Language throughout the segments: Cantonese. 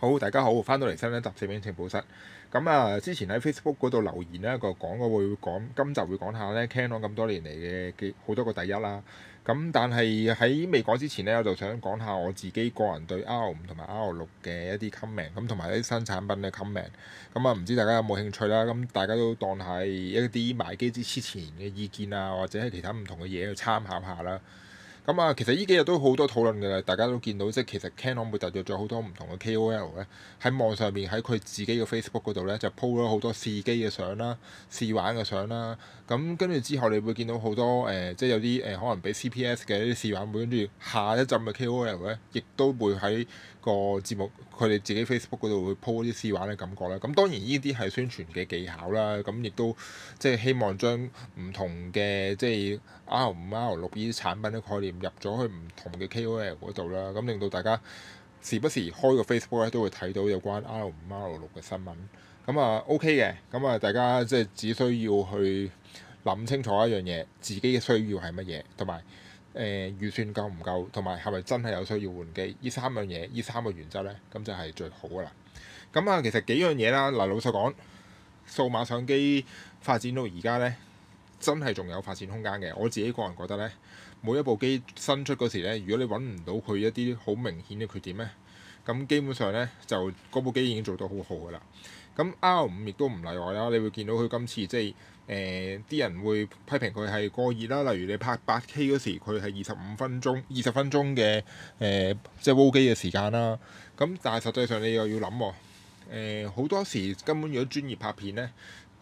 好，大家好，翻到嚟新一集攝影情報室。咁、嗯、啊，之前喺 Facebook 嗰度留言咧，就講過會講，今集會講下咧，Canon 咁多年嚟嘅幾好多個第一啦。咁、嗯、但係喺未講之前咧，我就想講下我自己個人對 R 五同埋 R 六嘅一啲 comment，咁同埋一啲新產品嘅 comment。咁、嗯、啊，唔知大家有冇興趣啦？咁、嗯、大家都當係一啲買機之前嘅意見啊，或者係其他唔同嘅嘢去參考下啦。咁啊，其實呢幾日都好多討論㗎啦，大家都見到即係其實 Canon 會特約咗好多唔同嘅 KOL 咧，喺網上面喺佢自己嘅 Facebook 嗰度咧就 po 咗好多試機嘅相啦、試玩嘅相啦。咁跟住之後你會見到好多誒、呃，即係有啲誒、呃、可能俾 CPS 嘅啲試玩會跟住下一陣嘅 KOL 咧，亦都會喺個節目佢哋自己 Facebook 嗰度會 po 啲試玩嘅感覺啦。咁當然呢啲係宣傳嘅技巧啦，咁亦都即係希望將唔同嘅即係 R 五、R 六呢啲產品嘅概念，入咗去唔同嘅 KOL 度啦，咁令到大家時不時開個 Facebook 咧都會睇到有關 R5、R6 嘅新聞，咁啊 OK 嘅，咁啊大家即係只需要去諗清楚一樣嘢，自己嘅需要係乜嘢，同埋誒預算夠唔夠，同埋係咪真係有需要換機呢三樣嘢，呢三個原則咧，咁就係最好噶啦。咁啊，其實幾樣嘢啦，嗱老實講數碼相機發展到而家咧，真係仲有發展空間嘅。我自己個人覺得咧。每一部機新出嗰時咧，如果你揾唔到佢一啲好明顯嘅缺點咧，咁基本上咧就嗰部機已經做到好好噶啦。咁 R 五亦都唔例外啦，你會見到佢今次即係誒啲人會批評佢係過熱啦。例如你拍八 K 嗰時，佢係二十五分鐘、二十分鐘嘅誒、呃、即係煲機嘅時間啦。咁但係實際上你又要諗喎，誒、呃、好多時根本如果專業拍片咧，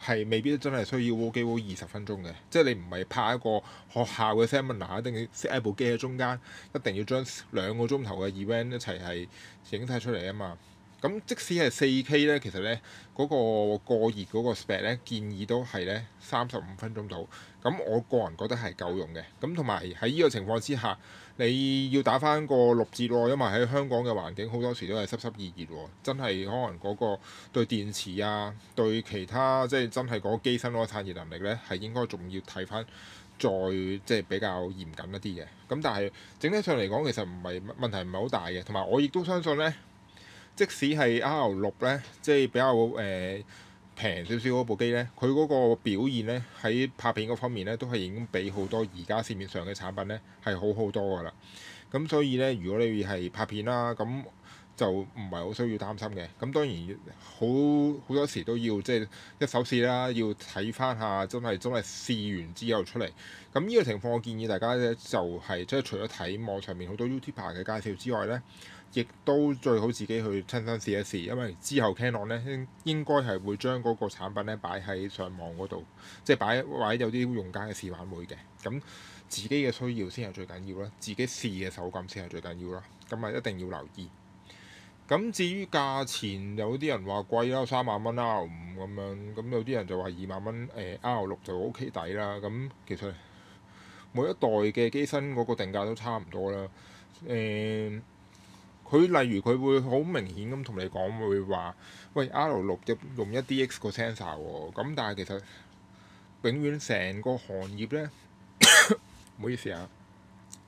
係未必真係需要搵幾搵二十分鐘嘅，即係你唔係拍一個學校嘅 seminar，一定要 set 一部機喺中間，一定要將兩個鐘頭嘅 event 一齊係影曬出嚟啊嘛～咁即使係 4K 咧，其實咧嗰個過熱嗰個 spec 咧，建議都係咧三十五分鐘度。咁我個人覺得係夠用嘅。咁同埋喺呢個情況之下，你要打翻個六折喎，因為喺香港嘅環境好多時都係濕濕熱熱喎。真係可能嗰個對電池啊，對其他即係真係嗰個機身嗰個，散熱能力咧，係應該仲要睇翻再即係比較嚴謹一啲嘅。咁但係整體上嚟講，其實唔係問題唔係好大嘅。同埋我亦都相信咧。即使係 R6 咧，即係比較誒平少少嗰部機咧，佢嗰個表現咧，喺拍片嗰方面咧，都係已經比好多而家市面上嘅產品咧係好好多㗎喇。咁所以咧，如果你係拍片啦、啊，咁就唔係好需要擔心嘅。咁當然好好多時都要即係、就是、一手試啦，要睇翻下真係真係試完之後出嚟。咁呢個情況，我建議大家咧就係即係除咗睇網上面好多 YouTuber 嘅介紹之外咧，亦都最好自己去親身試一試。因為之後 Canon 咧應應該係會將嗰個產品咧擺喺上網嗰度，即係擺或者有啲用家嘅試玩會嘅。咁自己嘅需要先係最緊要啦，自己試嘅手感先係最緊要啦。咁啊，一定要留意。咁至於價錢，有啲人話貴啦，三萬蚊啦，R 五咁樣，咁有啲人就話二萬蚊，誒，R 六就 O K 抵啦。咁其實每一代嘅機身嗰個定價都差唔多啦。誒、呃，佢例如佢會好明顯咁同你講，會話喂，R 六就用一啲 X 個 sensor 喎。咁但係其實永遠成個行業咧，唔好意思啊，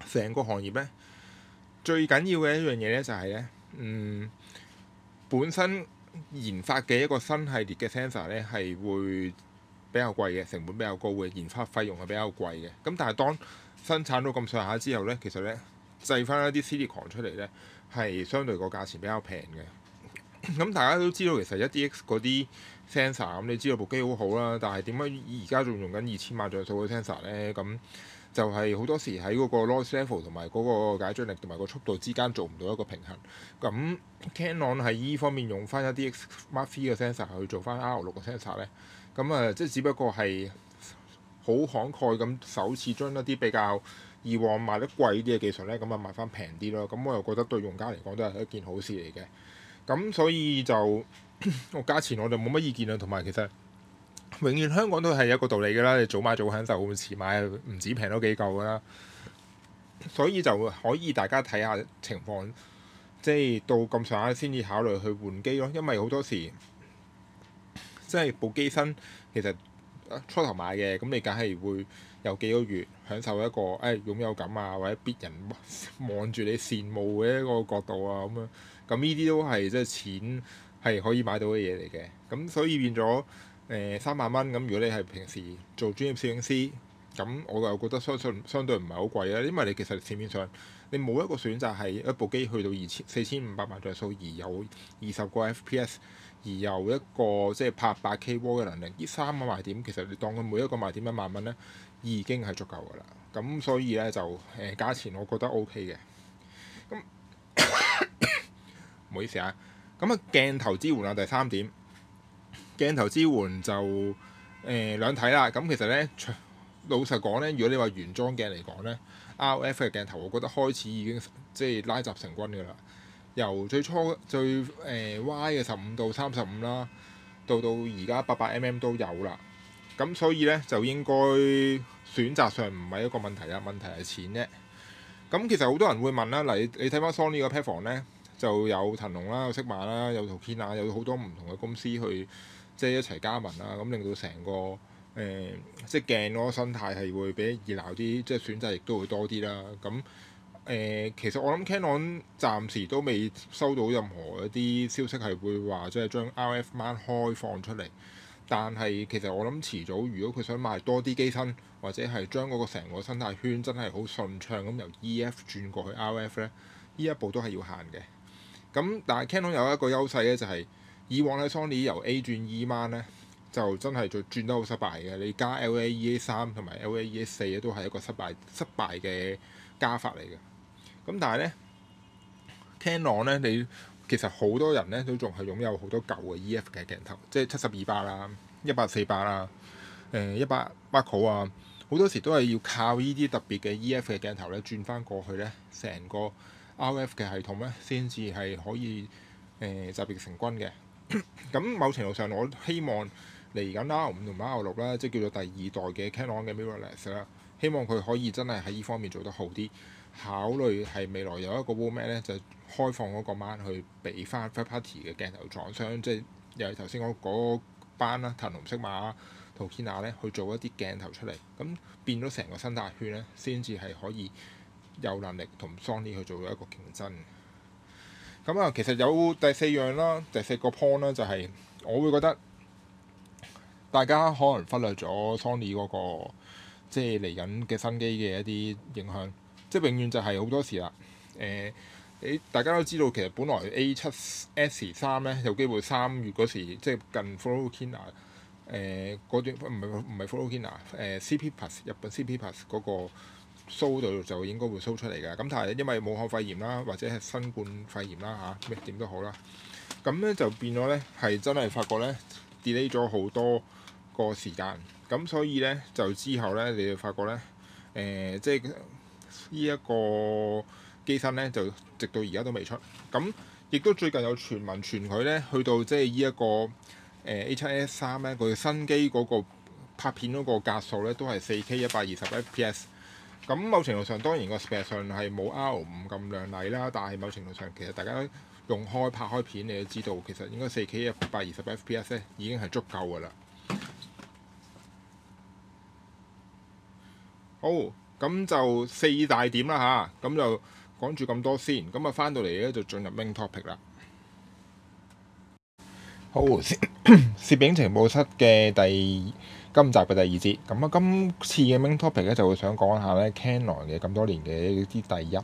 成個行業咧最緊要嘅一樣嘢咧就係咧。嗯，本身研發嘅一個新系列嘅 sensor 咧，係會比較貴嘅，成本比較高嘅，研發費用係比較貴嘅。咁但係當生產到咁上下之後咧，其實咧製翻一啲 series 狂出嚟咧，係相對個價錢比較平嘅。咁 大家都知道，其實一啲 X 嗰啲 sensor，咁你知道部機好好啦，但係點解而家仲用緊二千萬像素嘅 sensor 咧？咁就係好多時喺嗰個 noise level 同埋嗰個解張力同埋個速度之間做唔到一個平衡。咁 Canon 喺依方面用翻一啲 Mark III 嘅 sensor 去做翻 R 六嘅 sensor 咧，咁啊即係只不過係好慷慨咁首次將一啲比較以往賣得貴啲嘅技術咧，咁啊賣翻平啲咯。咁我又覺得對用家嚟講都係一件好事嚟嘅。咁所以就個價錢我就冇乜意見啦，同埋其實。永遠香港都係一個道理㗎啦！你早買早享受，就遲買唔止平咗幾嚿啦。所以就可以大家睇下情況，即係到咁上下先至考慮去換機咯。因為好多時即係部機身其實初頭買嘅，咁你梗係會有幾個月享受一個誒、哎、擁有感啊，或者別人望住你羨慕嘅一個角度啊，咁樣咁呢啲都係即係錢係可以買到嘅嘢嚟嘅，咁所以變咗。誒、嗯、三萬蚊咁，如果你係平時做專業攝影師，咁我又覺得相相相對唔係好貴啦，因為你其實市面上你冇一個選擇係一部機去到二千四千五百萬像素，而有二十個 FPS，而有一個即係拍八 K 波嘅能力，呢三個賣點其實你當佢每一個賣點一萬蚊咧，已經係足夠㗎啦。咁所以咧就誒價、呃、錢，我覺得 O K 嘅。咁唔 好意思啊。咁啊鏡頭支援啊，第三點。鏡頭支援就誒兩、呃、睇啦，咁其實咧，老實講咧，如果你話原裝鏡嚟講咧，RF 嘅鏡頭，我覺得開始已經即係拉雜成軍噶啦。由最初最誒 Y 嘅十五到三十五啦，到到而家八百 mm 都有啦。咁所以咧就應該選擇上唔係一個問題啊，問題係錢啫。咁其實好多人會問啦，嗱，你睇翻 Sony 個 Pet 房咧，就有騰龍啦、有色馬啦、有圖片啊，有好多唔同嘅公司去。即係一齊加盟啦，咁令到成個誒、呃、即係鏡咯個生態係會比較熱鬧啲，即係選擇亦都會多啲啦。咁誒、呃，其實我諗 Canon 暫時都未收到任何一啲消息係會話，即係將 R F Man 開放出嚟。但係其實我諗遲早，如果佢想賣多啲機身，或者係將嗰個成個生態圈真係好順暢咁由 E F 轉過去 R F 咧，呢一步都係要行嘅。咁但係 Canon 有一個優勢咧，就係、是。以往咧，Sony 由 A 轉 E mount 咧，就真係做轉得好失敗嘅。你加 LAEA 三同埋 LAEA 四都係一個失敗失敗嘅加法嚟嘅。咁但係咧，Canon 咧，你其實好多人咧都仲係擁有好多舊嘅 EF 嘅鏡頭，即係七十二八啦、一百四八啦、誒一百 Macro 啊，好、啊呃啊、多時都係要靠別、e、呢啲特別嘅 EF 嘅鏡頭咧轉翻過去咧，成個 RF 嘅系統咧先至係可以誒、呃、集結成軍嘅。咁、嗯、某程度上，我希望嚟緊 R5 同 R6 啦，6，即係叫做第二代嘅 Canon 嘅 Mirrorless 啦，希望佢可以真係喺呢方面做得好啲。考慮係未來有一個 w o r m a n 咧，就是、開放嗰個，個班去俾翻 Third Party 嘅鏡頭廠商，即係又係頭先講嗰班啦，騰龍色碼啊、圖基亞咧，去做一啲鏡頭出嚟，咁變咗成個生態圈咧，先至係可以有能力同 Sony 去做一個競爭。咁啊、嗯，其實有第四樣啦，第四個 point 啦、就是，就係我會覺得大家可能忽略咗 Sony 嗰、那個即係嚟緊嘅新機嘅一啲影響，即係永遠就係好多時啦。誒、呃，你大家都知道，其實本來 A 七 S 三咧有機會三月嗰時即係、就是、近 Photokina 誒嗰段，唔係唔係 Photokina 誒 CP Plus 日本 CP Plus 嗰、那個。show 到就應該會 show 出嚟㗎。咁但係因為武漢肺炎啦，或者係新冠肺炎啦嚇，咩、啊、點都好啦，咁咧就變咗咧係真係發覺咧 delay 咗好多個時間。咁所以咧就之後咧你就發覺咧誒、呃，即係呢一個機身咧就直到而家都未出。咁亦都最近有傳聞傳佢咧去到即係、這個呃、呢一個誒 A7S3 咧，佢新機嗰個拍片嗰個格數咧都係四 K 一百二十 fps。咁某程度上，當然個 Spec 上係冇 R5 咁亮麗啦，但係某程度上，其實大家用開拍開片，你都知道，其實應該四 K 一百二十 FPS 咧已經係足夠嘅啦。好，咁就四大點啦嚇，咁就講住咁多先，咁啊翻到嚟咧就進入 Main Topic 啦。好，攝攝影情報室嘅第。今集嘅第二節，咁啊，今次嘅 main topic 咧就會想講下咧 Canon 嘅咁多年嘅一啲第一。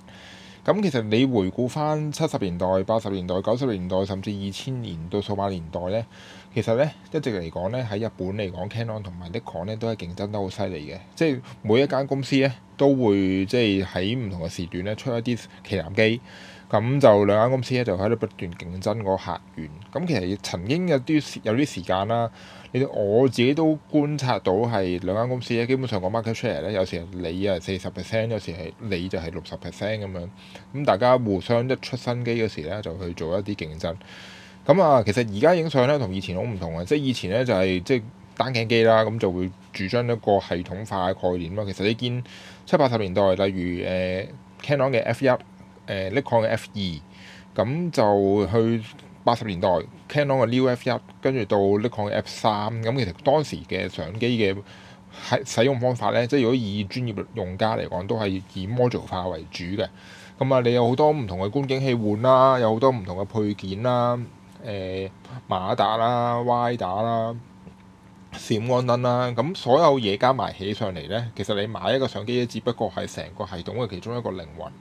咁其實你回顧翻七十年代、八十年代、九十年代，甚至二千年到數碼年代咧，其實咧一直嚟講咧喺日本嚟講，Canon 同埋 Nikon 咧都係競爭得好犀利嘅，即係每一間公司咧都會即係喺唔同嘅時段咧出一啲旗艦機。咁就兩間公司咧就喺度不斷競爭個客源。咁其實曾經有啲有啲時間啦，你我自己都觀察到係兩間公司咧，基本上個 market 出嚟咧，有時係你啊四十 percent，有時係你就係六十 percent 咁樣。咁大家互相一出新機嗰時咧，就去做一啲競爭。咁啊，其實而家影相咧同以前好唔同啊！即係以前咧就係、是、即係單鏡機啦，咁就會主張一個系統化概念咯。其實你見七八十年代，例如誒、呃、Canon 嘅 F 一。誒、uh, Nikon 嘅 F 二，咁就去八十年代 Canon 嘅 New F 一，跟住到 Nikon 嘅 F 三咁。其實當時嘅相機嘅喺使用方法咧，即係如果以專業用家嚟講，都係以 module 模組化為主嘅。咁啊，你有好多唔同嘅觀景器換啦，有好多唔同嘅配件啦，誒、呃、馬達啦、Y 打啦、閃光燈啦，咁所有嘢加埋起上嚟咧，其實你買一個相機，只不過係成個系統嘅其中一個靈魂。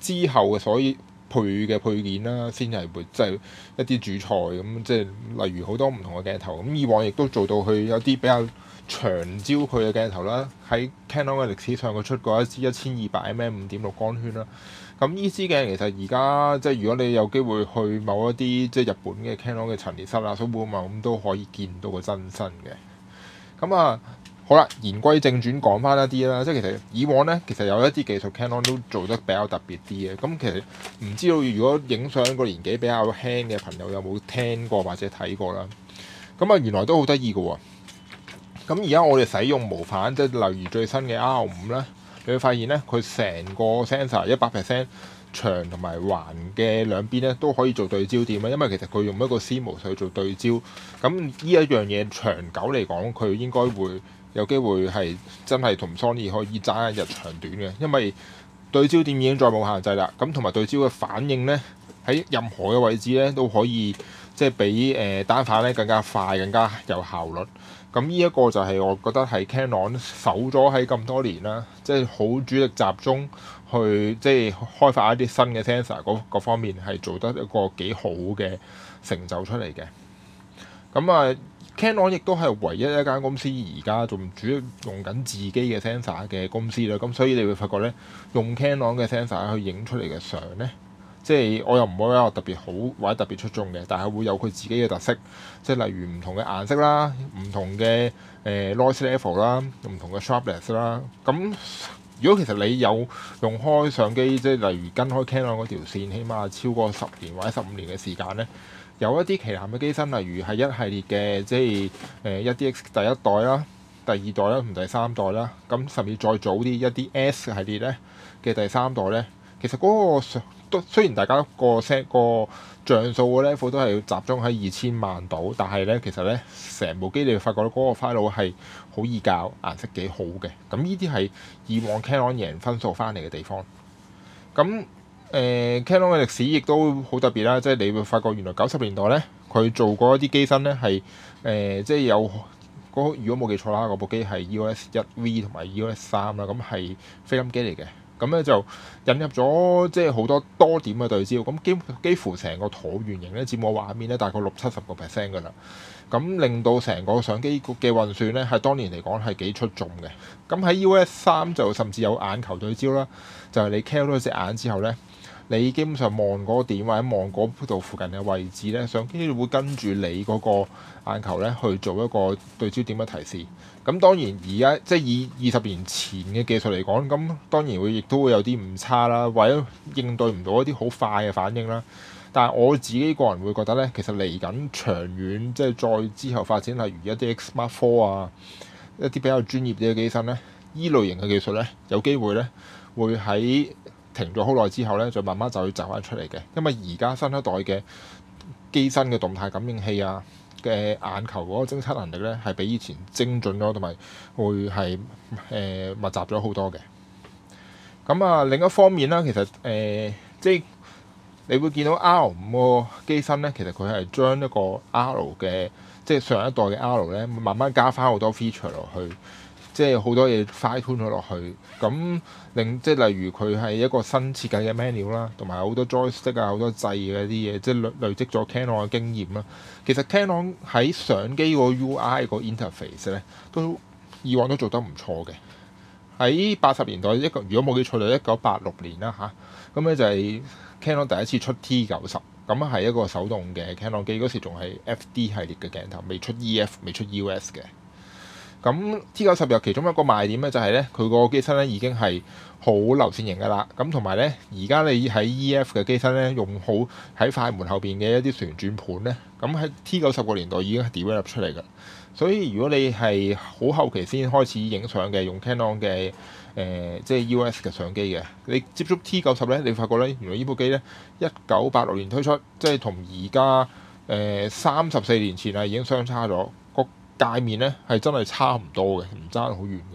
之後嘅所以配嘅配件啦，啊，先係會即係一啲主菜咁，即係例如好多唔同嘅鏡頭咁。以往亦都做到佢有啲比較長焦距嘅鏡頭啦。喺 Canon 嘅歷史上，佢出過一支一千二百 mm 五點六光圈啦。咁呢支鏡其實而家即係如果你有機會去某一啲即係日本嘅 Canon 嘅陳列室啦，所會咁都可以見到個真身嘅。咁啊～好啦，言歸正傳，講翻一啲啦，即係其實以往咧，其實有一啲技術 Canon 都做得比較特別啲嘅。咁、嗯、其實唔知道如果影相個年紀比較輕嘅朋友有冇聽過或者睇過啦。咁、嗯、啊，原來都好得意㗎喎。咁而家我哋使用無反，即係例如最新嘅 R 五咧，你會發現咧，佢成個 sensor 一百 percent 長同埋橫嘅兩邊咧，都可以做對焦點啊。因為其實佢用一個 CMOS 去做對焦，咁呢一樣嘢長久嚟講，佢應該會，有機會係真係同 Sony 可以爭一日長短嘅，因為對焦點已經再冇限制啦，咁同埋對焦嘅反應咧，喺任何嘅位置咧都可以，即係比誒單反咧更加快、更加有效率。咁呢一個就係我覺得係 Canon 守咗喺咁多年啦，即係好主力集中去即係開發一啲新嘅 sensor 嗰方面係做得一個幾好嘅成就出嚟嘅。咁、嗯、啊～Canon 亦都係唯一一間公司而家仲主要用緊自己嘅 sensor 嘅公司啦，咁所以你會發覺咧，用 Canon 嘅 sensor 去影出嚟嘅相咧，即係我又唔會話特別好，或者特別出眾嘅，但係會有佢自己嘅特色，即係例如唔同嘅顏色啦，唔同嘅誒、呃、noise level 啦、啊，唔同嘅 sharpness 啦。咁如果其實你有用開相機，即係例如跟開 Canon 嗰條線，起碼超過十年或者十五年嘅時間咧。有一啲旗艦嘅機身，例如係一系列嘅，即係誒 1DX 第一代啦、第二代啦同第三代啦，咁甚至再早啲 1DS 系列咧嘅第三代咧，其實嗰、那個都雖然大家個 set、這個像素個 level 都係要集中喺二千萬度，但係咧其實咧成部機你會發覺咧嗰個 file 係好易校，顏色幾好嘅，咁呢啲係以往 Canon 贏分數翻嚟嘅地方，咁。誒、呃、Canon 嘅歷史亦都好特別啦，即係你會發覺原來九十年代咧，佢做過一啲機身咧係誒，即係有如果冇記錯啦，嗰部機係 EOS 一 V 同埋 EOS 三啦，咁係菲林機嚟嘅，咁咧就引入咗即係好多多點嘅對焦，咁幾幾，幾乎成個橢圓形咧佔滿畫面咧大概六七十個 percent 㗎啦，咁令到成個相機嘅運算咧係當年嚟講係幾出眾嘅，咁喺 EOS 三就甚至有眼球對焦啦，就係、是、你 Canon 咗隻眼之後咧。你基本上望嗰個點或者望嗰度附近嘅位置咧，相機會跟住你嗰個眼球咧去做一個對焦點嘅提示。咁當然而家即係以二十年前嘅技術嚟講，咁當然會亦都會有啲誤差啦，或者應對唔到一啲好快嘅反應啦。但係我自己個人會覺得咧，其實嚟緊長遠即係再之後發展例如一啲 X Mark Four 啊，一啲比較專業啲嘅機身咧，依類型嘅技術咧，有機會咧會喺.停咗好耐之後咧，就慢慢就會走翻出嚟嘅。因為而家新一代嘅機身嘅動態感應器啊，嘅眼球嗰個偵測能力咧，係比以前精準咗，同埋會係誒、呃、密集咗好多嘅。咁啊，另一方面啦，其實誒、呃，即係你會見到 R5 個機身咧，其實佢係將一個 R 嘅，即係上一代嘅 R 咧，慢慢加翻好多 feature 落去。即係好多嘢 fine tune 咗落去，咁令即係例如佢係一個新設計嘅 menu 啦，同埋好多 joystick 啊，好多掣嘅啲嘢，即係累積咗 Canon 嘅經驗啦。其實 Canon 喺相機個 UI 個 interface 咧，都以往都做得唔錯嘅。喺八十年代一個，如果冇記錯就一九八六年啦吓，咁咧就係 Canon 第一次出 T 九十，咁係一個手動嘅 Canon 機，嗰時仲係 FD 系列嘅鏡頭，未出 EF，未出 US 嘅。咁 T90 其中一個賣點咧就係咧，佢個機身咧已經係好流線型噶啦。咁同埋咧，而家你喺 EF 嘅機身咧用好喺快門後邊嘅一啲旋轉盤咧，咁喺 T90 個年代已經係 develop 出嚟噶。所以如果你係好後期先開始影相嘅，用 Canon 嘅誒、呃、即係 US 嘅相機嘅，你接觸 T90 咧，你發覺咧原來部機呢部機咧一九八六年推出，即係同而家誒三十四年前啊已經相差咗。界面咧係真係差唔多嘅，唔爭好遠嘅。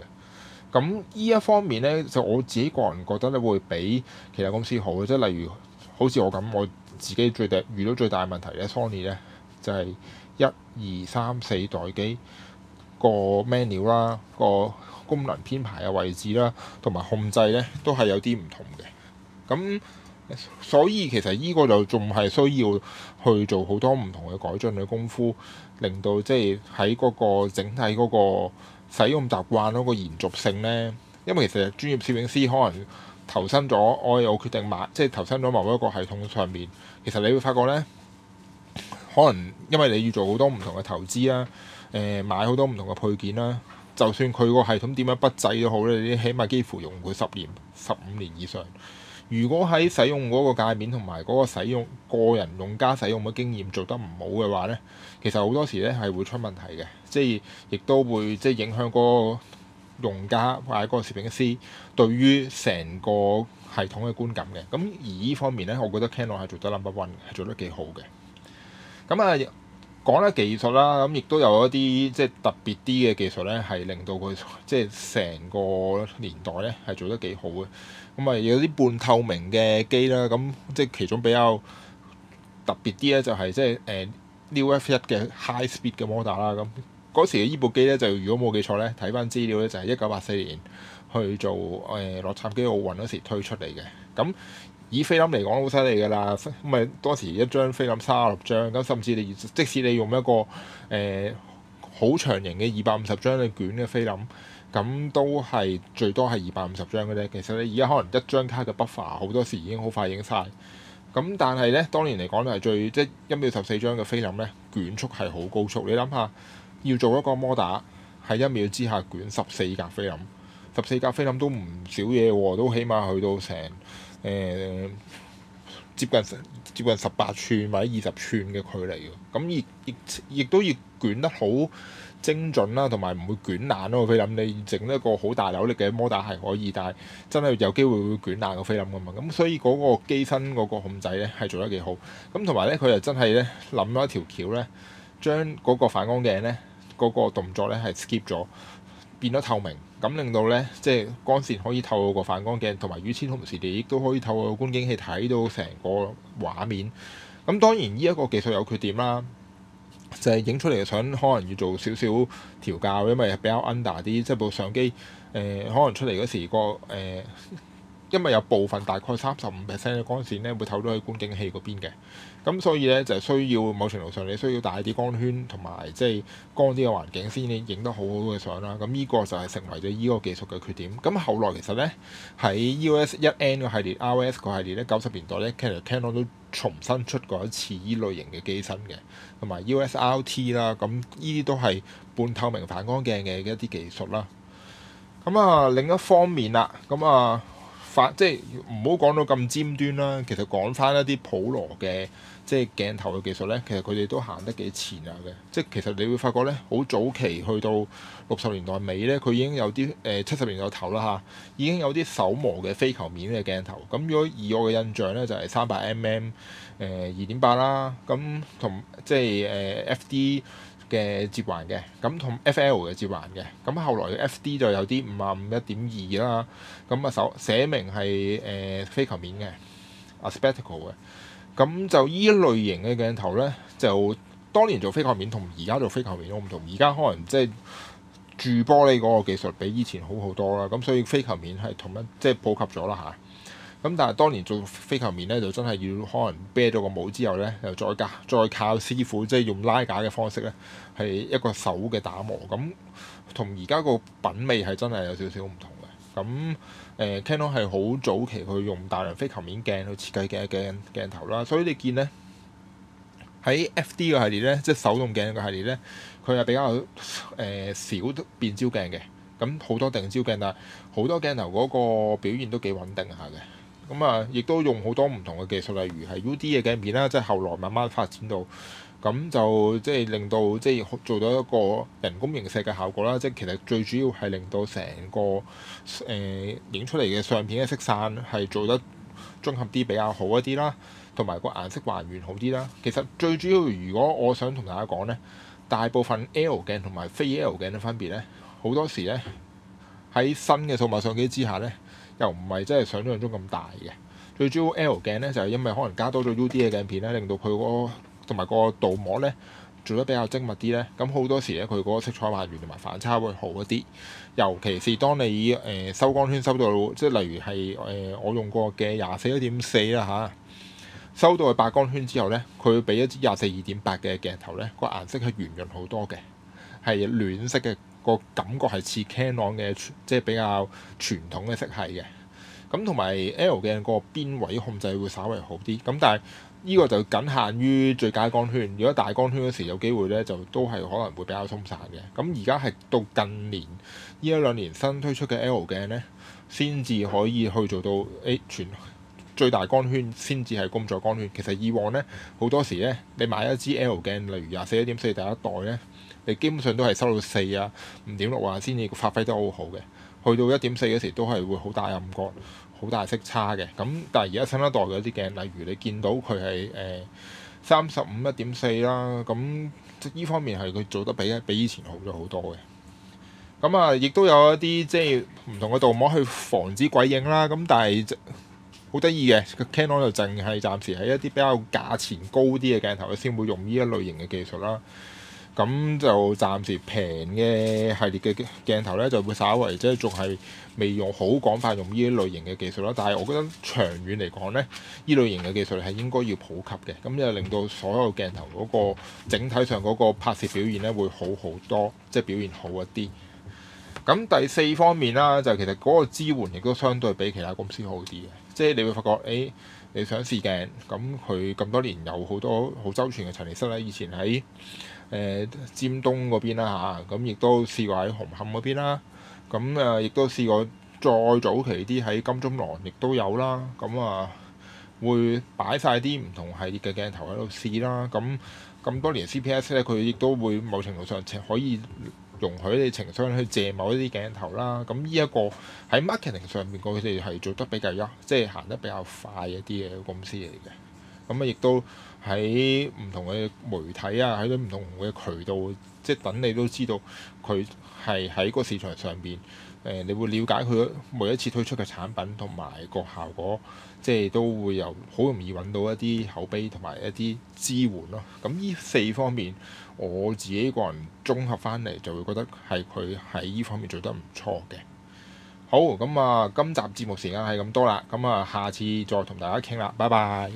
咁呢一方面咧，就我自己個人覺得咧，會比其他公司好嘅。即係例如，好似我咁，我自己最大遇到最大嘅問題咧，Sony 咧就係一、二、三、四代機個 menu 啦，個功能編排嘅位置啦，同埋控制咧都係有啲唔同嘅。咁所以其實呢個就仲係需要去做好多唔同嘅改進嘅功夫。令到即係喺嗰個整體嗰個使用習慣嗰個延續性呢，因為其實專業攝影師可能投身咗，我又決定買，即係投身咗某一個系統上面。其實你會發覺呢，可能因為你要做好多唔同嘅投資啦，誒買好多唔同嘅配件啦，就算佢個系統點樣不濟都好咧，你起碼幾乎用佢十年、十五年以上。如果喺使用嗰個界面同埋嗰個使用個人用家使用嘅經驗做得唔好嘅話呢，其實好多時呢係會出問題嘅，即係亦都會即係影響嗰個用家或者嗰個攝影師對於成個系統嘅觀感嘅。咁而呢方面呢，我覺得 Canon 係做得 number one，係做得幾好嘅。咁啊，講呢技術啦，咁亦都有一啲即係特別啲嘅技術呢，係令到佢即係成個年代呢，係做得幾好嘅。咁咪有啲半透明嘅機啦，咁即係其中比較特別啲咧，就係即係誒 New F1 嘅 High Speed 嘅 Model 啦。咁嗰時呢部機咧，就如果冇記錯咧，睇翻資料咧，就係一九八四年去做誒、呃、洛杉磯奧運嗰時推出嚟嘅。咁以菲林嚟講，好犀利㗎啦，咁咪當時一張菲林三十六張，咁甚至你即使你用一個誒好、呃、長型嘅二百五十張嘅卷嘅菲林。咁都係最多係二百五十張嘅啫。其實你而家可能一張卡嘅 buffer 好多時已經好快影晒。咁但係呢，當年嚟講咧係最即一秒十四張嘅菲林呢，捲速係好高速。你諗下，要做一個摩打，喺一秒之下捲十四格菲林。十四格菲林都唔少嘢喎，都起碼去到成誒、呃接近接近十八寸或者二十寸嘅距離㗎，咁亦亦亦都要捲得好精準啦，同埋唔會捲爛咯菲林，你整一個好大扭力嘅摩打係可以，但係真係有機會會捲爛個菲林㗎嘛。咁所以嗰個機身嗰個控制咧係做得幾好，咁同埋咧佢又真係咧諗咗一條橋咧，將嗰個反光鏡咧嗰個動作咧係 skip 咗。變咗透明，咁令到呢，即係光線可以透過個反光鏡，同埋與此同時地亦都可以透過觀景器睇到成個畫面。咁當然呢一個技術有缺點啦，就係、是、影出嚟嘅相可能要做少少調校，因為比較 under 啲，即係部相機誒、呃、可能出嚟嗰時個、呃、因為有部分大概三十五 percent 嘅光線呢會透到去觀景器嗰邊嘅。咁所以咧就係需要某程度上，你需要大啲光圈同埋即係光啲嘅環境先你影得好好嘅相啦。咁呢個就係成為咗依個技術嘅缺點。咁後來其實咧喺 EOS 1N 個系列、RS 個系列咧，九十年代咧，Canon 都重新出過一次依類型嘅機身嘅，同埋 EOS RT 啦。咁依啲都係半透明反光鏡嘅一啲技術啦。咁啊另一方面啦，咁啊反即係唔好講到咁尖端啦，其實講翻一啲普羅嘅。即係鏡頭嘅技術咧，其實佢哋都行得幾前下嘅。即係其實你會發覺咧，好早期去到六十年代尾咧，佢已經有啲誒七十年代頭啦嚇，已經有啲手磨嘅非球面嘅鏡頭。咁如果以我嘅印象咧，就係三百 mm 誒二點八啦。咁同即係誒、呃、FD 嘅接環嘅，咁同 FL 嘅接環嘅。咁後來嘅 FD 就有啲五啊五一點二啦。咁啊手寫明係誒非球面嘅啊 spectacle 嘅。咁就呢一類型嘅鏡頭呢，就當年做非球面同而家做非球面，都唔同。而家可能即係住玻璃嗰個技術比以前好好多啦。咁所以非球面係同一即係普及咗啦嚇。咁、啊、但係當年做非球面呢，就真係要可能啤咗個模之後呢，又再加，再靠師傅，即係用拉架嘅方式呢，係一個手嘅打磨。咁同而家個品味係真係有少少唔同嘅。咁誒 Canon 係好早期，去用大量非球面鏡去設計鏡鏡鏡頭啦，所以你見咧喺 FD 個系列咧，即手動鏡個系列咧，佢係比較誒少、呃、變焦鏡嘅，咁好多定焦鏡，但係好多鏡頭嗰個表現都幾穩定下嘅，咁啊，亦都用好多唔同嘅技術，例如係 UD 嘅鏡片啦，即後來慢慢發展到。咁就即係令到即係做到一個人工螢石嘅效果啦。即係其實最主要係令到成個誒影、呃、出嚟嘅相片嘅色散係做得綜合啲比較好一啲啦，同埋個顏色還原好啲啦。其實最主要，如果我想同大家講呢，大部分 L 鏡同埋非 L 鏡嘅分別呢，好多時呢，喺新嘅數碼相機之下呢，又唔係真係想像中咁大嘅。最主要 L 鏡呢就係、是、因為可能加多咗 U D 嘅鏡片呢，令到佢個。同埋個鍍膜咧做得比較精密啲咧，咁好多時咧佢嗰個色彩還原同埋反差會好一啲，尤其是當你誒、呃、收光圈收到，即係例如係誒、呃、我用過嘅廿四一點四啦嚇，收到去八光圈之後咧，佢會俾一支廿四二點八嘅鏡頭咧，個顏色係圓潤好多嘅，係暖色嘅個感覺係似 Canon 嘅，即係比較傳統嘅色系嘅，咁同埋 L 鏡個邊位控制會稍為好啲，咁但係。呢個就僅限於最佳光圈，如果大光圈嗰時有機會呢就都係可能會比較鬆散嘅。咁而家係到近年呢一兩年新推出嘅 L 鏡呢，先至可以去做到 A、哎、全最大光圈，先至係工作光圈。其實以往呢，好多時呢，你買一支 L 鏡，例如廿四一點四第一代呢，你基本上都係收到四啊、五點六啊先至發揮得好好嘅，去到一點四嗰時都係會好大暗角。好大色差嘅。咁，但係而家新一代嗰啲鏡，例如你見到佢係誒三十五一點四啦，咁、呃、呢方面係佢做得比比以前好咗好多嘅。咁啊，亦都有一啲即係唔同嘅鍍膜去防止鬼影啦。咁但係好得意嘅，Canon 就淨係暫時係一啲比較價錢高啲嘅鏡頭，佢先會用呢一類型嘅技術啦。咁就暫時平嘅系列嘅鏡頭咧，就會稍為，即係仲係未用好廣泛用呢啲類型嘅技術啦。但係我覺得長遠嚟講咧，呢類型嘅技術係應該要普及嘅，咁就令到所有鏡頭嗰個整體上嗰個拍攝表現咧，會好好多，即係表現好一啲。咁第四方面啦，就是、其實嗰個支援亦都相對比其他公司好啲嘅，即係你會發覺誒、哎，你想試鏡咁佢咁多年有好多好周全嘅陳列室啦，以前喺，誒尖東嗰邊啦吓，咁、啊、亦都試過喺紅磡嗰邊啦，咁啊亦都試過再早期啲喺金鐘廊亦都有啦，咁啊會擺晒啲唔同系列嘅鏡頭喺度試啦，咁、啊、咁、嗯、多年 CPS 咧佢亦都會某程度上可以容許你情商去借某一啲鏡頭啦，咁呢一個喺 marketing 上面，佢哋係做得比較優，即係行得比較快一啲嘅公司嚟嘅，咁啊亦、啊、都。喺唔同嘅媒體啊，喺啲唔同嘅渠道，即等你都知道佢係喺個市場上邊誒、呃，你會了解佢每一次推出嘅產品同埋個效果，即係都會有好容易揾到一啲口碑同埋一啲支援咯。咁呢四方面，我自己個人綜合翻嚟就會覺得係佢喺呢方面做得唔錯嘅。好，咁啊，今集節目時間係咁多啦，咁啊，下次再同大家傾啦，拜拜。